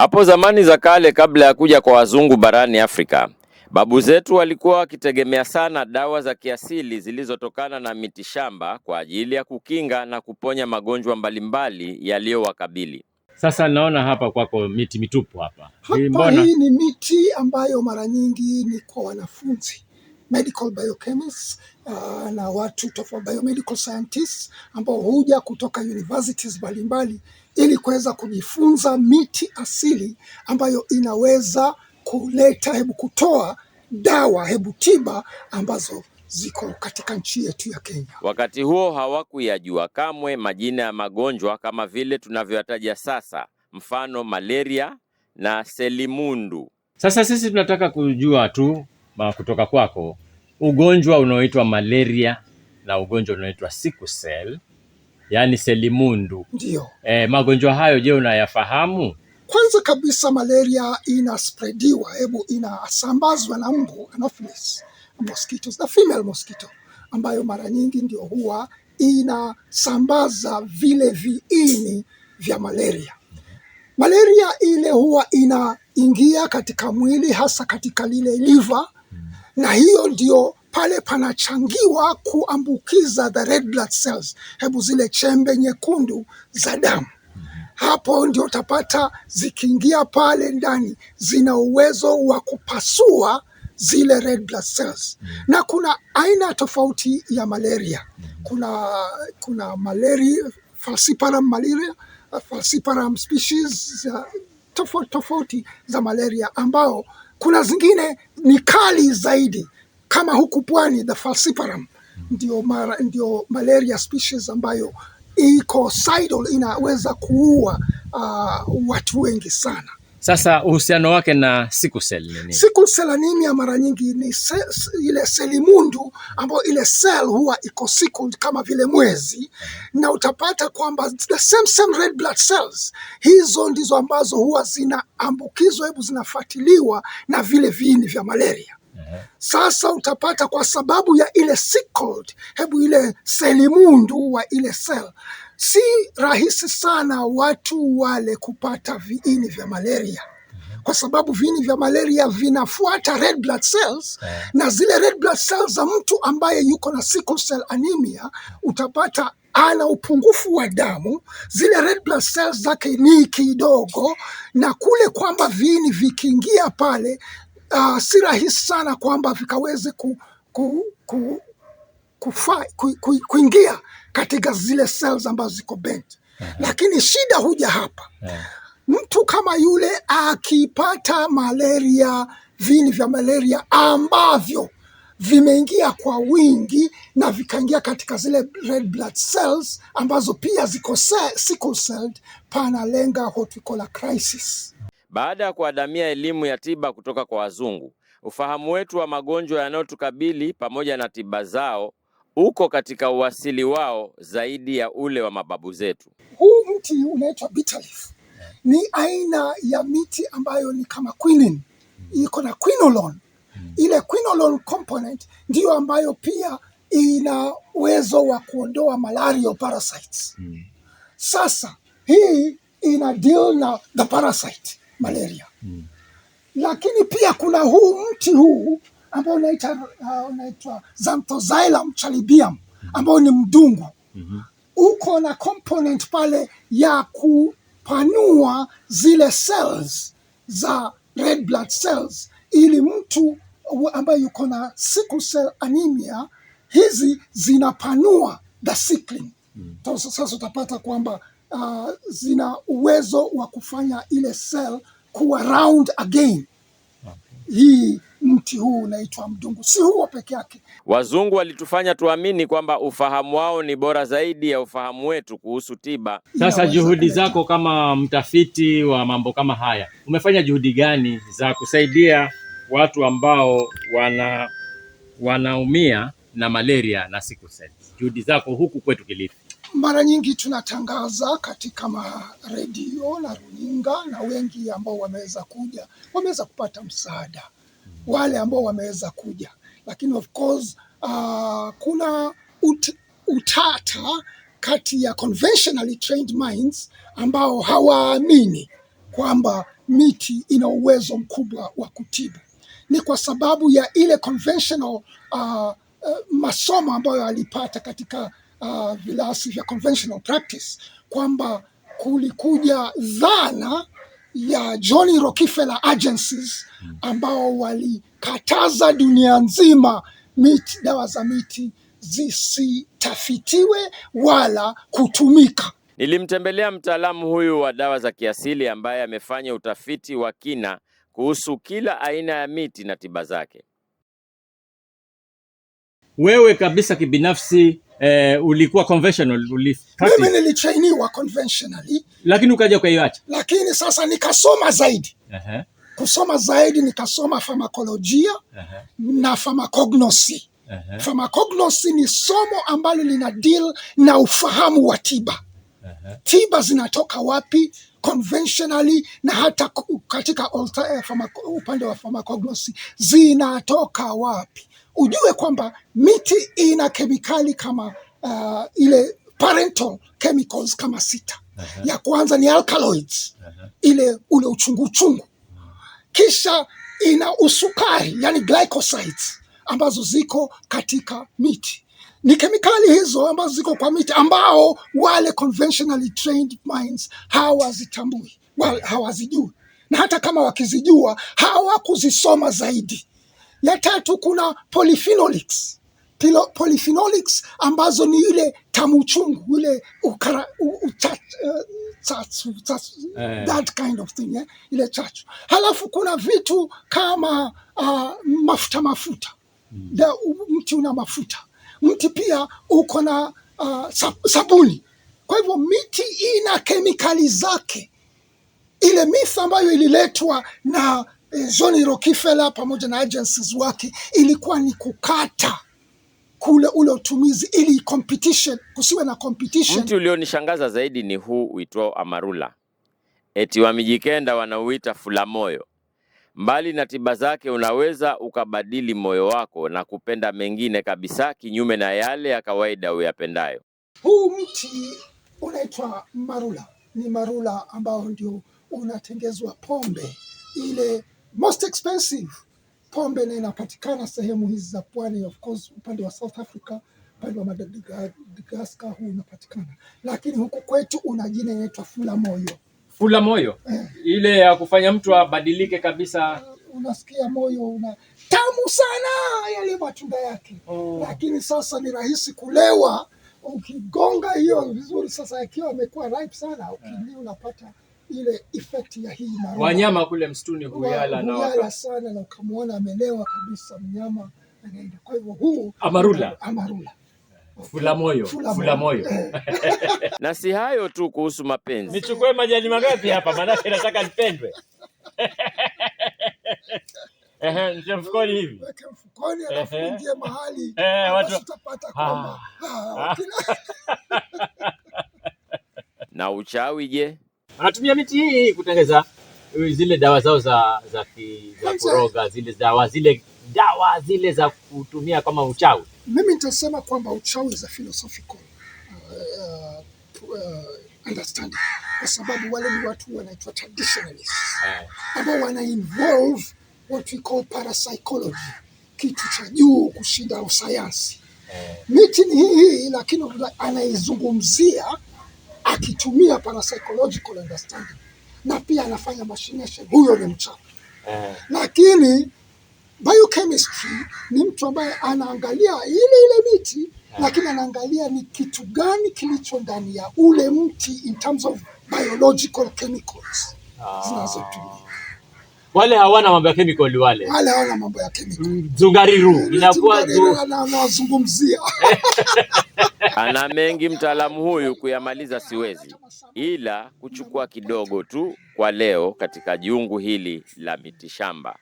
Hapo zamani za kale, kabla ya kuja kwa wazungu barani Afrika, babu zetu walikuwa wakitegemea sana dawa za kiasili zilizotokana na miti shamba kwa ajili ya kukinga na kuponya magonjwa mbalimbali yaliyowakabili. Sasa naona hapa kwako miti mitupu hapa hapa, Hii ni miti ambayo mara nyingi ni kwa wanafunzi medical biochemists uh, na watu tofauti biomedical scientists ambao huja kutoka universities mbalimbali ili kuweza kujifunza miti asili ambayo inaweza kuleta hebu kutoa dawa hebu tiba ambazo ziko katika nchi yetu ya Kenya. Wakati huo hawakuyajua kamwe majina ya magonjwa kama vile tunavyoyataja sasa, mfano malaria na selimundu. Sasa sisi tunataka kujua tu kutoka kwako, ugonjwa unaoitwa malaria na ugonjwa unaoitwa sickle cell, yani selimundu. Ndio. E, magonjwa hayo je, unayafahamu? Kwanza kabisa malaria inasprediwa, hebu inasambazwa na mbu Anopheles mosquitoes, the female mosquito ambayo mara nyingi ndio huwa inasambaza vile viini vya malaria. Malaria ile huwa inaingia katika mwili hasa katika lile liver na hiyo ndio pale panachangiwa kuambukiza the red blood cells, hebu zile chembe nyekundu za damu. Hapo ndio utapata zikiingia pale ndani, zina uwezo wa kupasua zile red blood cells. Na kuna aina tofauti ya malaria. Kuna kuna malaria falciparum malaria, falciparum species tofauti tofauti za malaria ambao kuna zingine ni kali zaidi kama huku pwani the falciparum ndio, mara, ndio malaria species ambayo iko inaweza kuua uh, watu wengi sana. Sasa uhusiano wake na sickle cell ni nini? Sickle cell anemia mara nyingi ni se, ile seli mundu ambayo ile cell huwa iko sickle kama vile mwezi, na utapata kwamba the same same red blood cells hizo ndizo ambazo huwa zinaambukizwa, hebu zinafuatiliwa na vile viini vya malaria. Sasa utapata kwa sababu ya ile sickle, hebu ile selimundu wa ile sel, si rahisi sana watu wale kupata viini vya malaria kwa sababu viini vya malaria vinafuata red blood cells yeah. Na zile red blood cells za mtu ambaye yuko na sickle cell anemia utapata ana upungufu wa damu, zile red blood cells zake ni kidogo, na kule kwamba viini vikiingia pale uh, si rahisi sana kwamba vikaweze ku, ku, ku, kufa, ku, ku, kuingia katika zile cells ambazo ziko bent uh -huh. Lakini shida huja hapa uh -huh. Mtu kama yule akipata malaria, vini vya malaria ambavyo vimeingia kwa wingi na vikaingia katika zile red blood cells ambazo pia ziko sickle celled, panalenga crisis. Baada ya kuadamia elimu ya tiba kutoka kwa wazungu, ufahamu wetu wa magonjwa yanayotukabili pamoja na tiba zao uko katika uwasili wao zaidi ya ule wa mababu zetu. Huu mti unaitwa bitter leaf. Ni aina ya miti ambayo ni kama quinine, iko na quinolone. Ile quinolone component ndiyo ambayo pia ina uwezo wa kuondoa malaria parasites. Hmm. Sasa hii ina deal na the parasite malaria mm. Lakini pia kuna huu mti huu ambao unaitwa uh, Zanthoxylum chalybeum mm. ambao ni mdungu mm mm-hmm. huko -hmm. na component pale ya kupanua zile cells za red blood cells ili mtu ambaye yuko na sickle cell anemia hizi zinapanua the sickling. Mm. Sasa utapata kwamba uh, zina uwezo wa kufanya ile cell kuwa round again. Hii mti huu unaitwa mdungu. Si huo peke yake, wazungu walitufanya tuamini kwamba ufahamu wao ni bora zaidi ya ufahamu wetu kuhusu tiba. Sasa juhudi zako kama mtafiti wa mambo kama haya, umefanya juhudi gani za kusaidia watu ambao wana wanaumia na malaria na sickle cell? Juhudi zako huku kwetu Kilifi mara nyingi tunatangaza katika maredio na runinga, na wengi ambao wameweza kuja wameweza kupata msaada, wale ambao wameweza kuja, lakini of course uh, kuna ut, utata kati ya conventionally trained minds ambao hawaamini kwamba miti ina uwezo mkubwa wa kutibu. Ni kwa sababu ya ile conventional uh, uh, masomo ambayo alipata katika uh, vilasi vya conventional practice kwamba kulikuja dhana ya John Rockefeller agencies hmm. ambao walikataza dunia nzima miti, dawa za miti zisitafitiwe wala kutumika. Nilimtembelea mtaalamu huyu wa dawa za kiasili ambaye amefanya utafiti wa kina kuhusu kila aina ya miti na tiba zake. Wewe kabisa kibinafsi eh, ulikuwa conventional ulipractice. Mimi nilitrainiwa conventionally, lakini ukaja ukaiacha. Lakini sasa nikasoma zaidi uh -huh. kusoma zaidi nikasoma farmakolojia uh -huh. na farmakognosi uh -huh. Farmakognosi ni somo ambalo lina deal na ufahamu wa tiba uh -huh. tiba zinatoka wapi conventionally na hata katika alter, eh, upande wa farmakognosi zinatoka wapi ujue kwamba miti ina kemikali kama uh, ile parental chemicals kama sita. uh -huh. ya kwanza ni alkaloids uh -huh. ile ule uchungu uchungu, kisha ina usukari yani glycosides ambazo ziko katika miti ni kemikali hizo ambazo ziko kwa miti ambao wale conventionally trained minds hawazitambui, hawazijui, na hata kama wakizijua hawakuzisoma zaidi. Ya tatu kuna polyphenolics. Pilo, polyphenolics ambazo ni ile tamu chungu ile ukara, u, chachu, chachu, eh, eh. That kind of thing eh? Ile chachu. Halafu kuna vitu kama uh, mafuta mafuta mm. Da, mti una mafuta, mti pia uko na uh, sabuni. Kwa hivyo miti ina kemikali zake, ile mitha ambayo ililetwa na John Rockefeller pamoja na agencies wake ilikuwa ni kukata kule ule utumizi ili competition kusiwe na competition. Mti ulionishangaza zaidi ni huu uitwao Amarula, eti Wamijikenda wanauita fula moyo Mbali na tiba zake, unaweza ukabadili moyo wako na kupenda mengine kabisa, kinyume na yale ya kawaida uyapendayo. Huu mti unaitwa marula, ni marula ambao ndio unatengezwa pombe ile most expensive pombe na inapatikana sehemu hizi za pwani, of course upande wa South Africa, upande wa Madagascar huu unapatikana, lakini huku kwetu una jina inaitwa fula moyo. Fula moyo eh, ile ya kufanya mtu abadilike kabisa. Uh, unasikia moyo una tamu sana yale matunda yake oh. Lakini sasa ni rahisi kulewa ukigonga hiyo vizuri. Sasa akiwa amekuwa ripe sana ukili, eh. unapata ile effect ya hii maruma. Wanyama kule msituni huyala na huyala sana, na ukamwona amelewa kabisa mnyama anaenda. Kwa hivyo huu amarula, amarula Fula moyo, fula moyo. Eh. Na si hayo tu kuhusu mapenzi. Nichukue majani mangapi hapa maanake nataka nipendwe. Ehe, nje mfukoni hivi. Mfukoni alafu ingie mahali. Eh, watu tutapata kwamba. Ah. Ah, na uchawi je? wanatumia miti hii kutengeza eh, zile dawa zao za za, ki, za kuroga zile dawa zile dawa zile za kutumia kama uchawi. Mimi nitasema kwamba uchawi za philosophical uh, uh, understanding, kwa sababu wale ni watu wanaitwa traditionalists eh. ambao wana involve what we call parapsychology, kitu cha juu kushinda usayansi. Eh. Miti ni hii, lakini anaizungumzia akitumia parapsychological understanding na pia anafanya machination, huyo ni mchawi eh. Lakini biochemistry ni mtu ambaye anaangalia ile ile miti eh, lakini anaangalia ni kitu gani kilicho ndani ya ule mti in terms of biological chemicals ah, zinazotumia wale hawana mambo ya chemical wale wale hawana mambo ya chemical. Zungariru inakuwa anazungumzia Ana mengi mtaalamu huyu, kuyamaliza siwezi, ila kuchukua kidogo tu kwa leo katika jungu hili la mitishamba.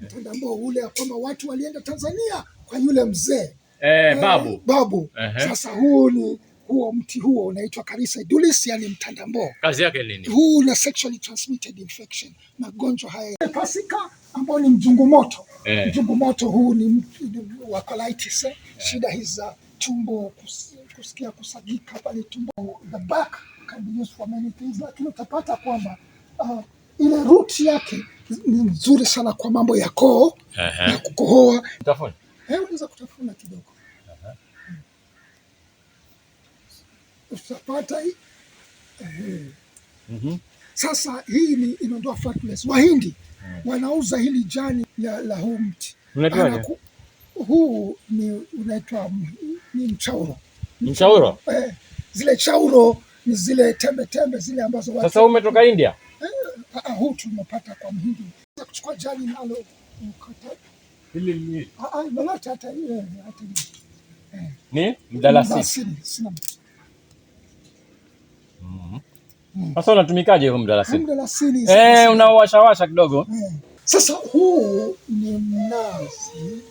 Mtandao ule ya kwamba watu walienda Tanzania kwa yule mzee eh, babu, eh, babu. Uh -huh. Sasa huu ni huo mti huo unaitwa Carissa edulis, yani mtandambo. Kazi yake nini? Huu na sexually transmitted infection, magonjwa haya ya pasika ambao ni mzungu moto eh. Mzungu moto huu ni, ni wa colitis eh. eh. Shida hizi za tumbo kus, kusikia kusagika pale tumbo, the back can be used for many things, lakini utapata kwamba uh, ile root yake ni nzuri sana kwa mambo ya koo uh -huh. na kukohoa. Utafuna eh, unaweza kutafuna kidogo uh -huh. utapata hii eh. mm -hmm. Sasa hii ni inaondoa fatness. Wahindi uh mm. -huh. wanauza hili jani la, la huu mti huu ni unaitwa ni mchauro, ni mchauro eh. Zile chauro ni zile tembe tembe zile ambazo watu. Sasa umetoka India eh, ah, ah huu tumepata kwa mhindi Sasa kuchukua jani nalo hili ni. Ah, ah, lolote hata hata ile ni eh. Ni mdalasini mhm. mm. sasa unatumikaje huu mdalasini? Mdalasini eh, unaowashawasha kidogo. Eh. Sasa huu ni mnazi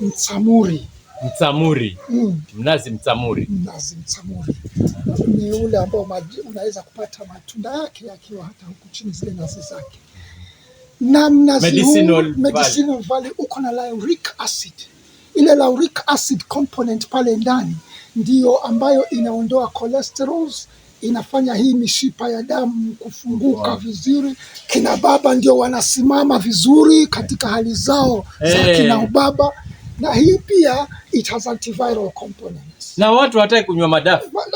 msamuri mtamuri mm. Mnazi mtamuri Mnazi mtamuri ni ule ambao unaweza kupata matunda yake akiwa hata huku chini zile nazi zake, na mnazi medicinal, medicinal value uko na lauric acid. Ile lauric acid component pale ndani ndiyo ambayo inaondoa cholesterols, inafanya hii mishipa ya damu kufunguka wow, vizuri. Kina baba ndio wanasimama vizuri katika hali zao hey, za eh. kina ubaba na hii pia it has antiviral components. Na watu hataki kunywa madafu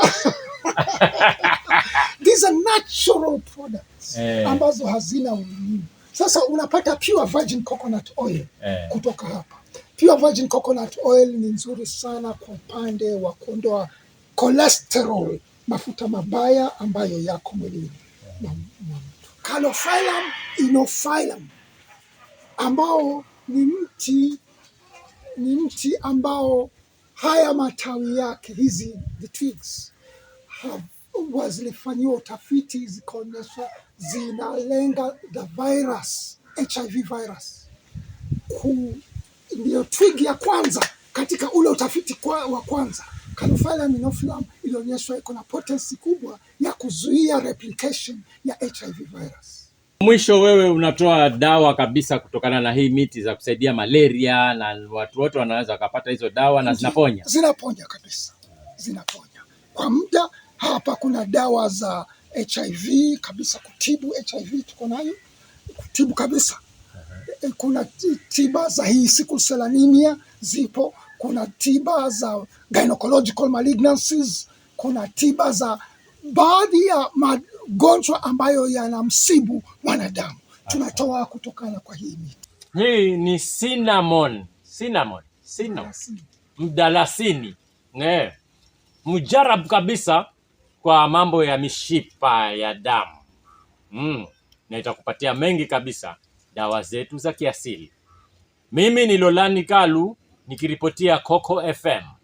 these are natural products eh, ambazo hazina umuhimu. Sasa unapata pure virgin coconut oil eh, kutoka hapa. Pure virgin coconut oil ni nzuri sana kwa upande wa kuondoa cholesterol, mafuta mabaya ambayo yako mwilini na mtu. Calophyllum inophyllum ambao ni mti ni mti ambao haya matawi yake hizi the twigs wazilifanyiwa utafiti zikaonyesha zinalenga the virus HIV virus ku ndiyo twig ya kwanza katika ule utafiti kwa, wa kwanza Canufelia minophyllum ilionyeshwa iko na potensi kubwa ya kuzuia replication ya HIV virus. Mwisho wewe unatoa dawa kabisa kutokana na hii miti za kusaidia malaria, na watu wote wanaweza wakapata hizo dawa na zinaponya, zinaponya kabisa, zinaponya kwa muda. Hapa kuna dawa za HIV kabisa, kutibu HIV tuko nayo, kutibu kabisa. Uh-huh. Eh, kuna tiba za hii siku selanimia zipo, kuna tiba za gynecological malignancies, kuna tiba za baadhi ya magonjwa ambayo yanamsibu mwanadamu tunatoa kutokana kwa hii miti. Hii ni cinnamon, cinnamon, cinnamon, mdalasini eh, mjarabu kabisa kwa mambo ya mishipa ya damu mm. na itakupatia mengi kabisa dawa zetu za kiasili. Mimi ni Lolani Kalu nikiripotia Coco FM.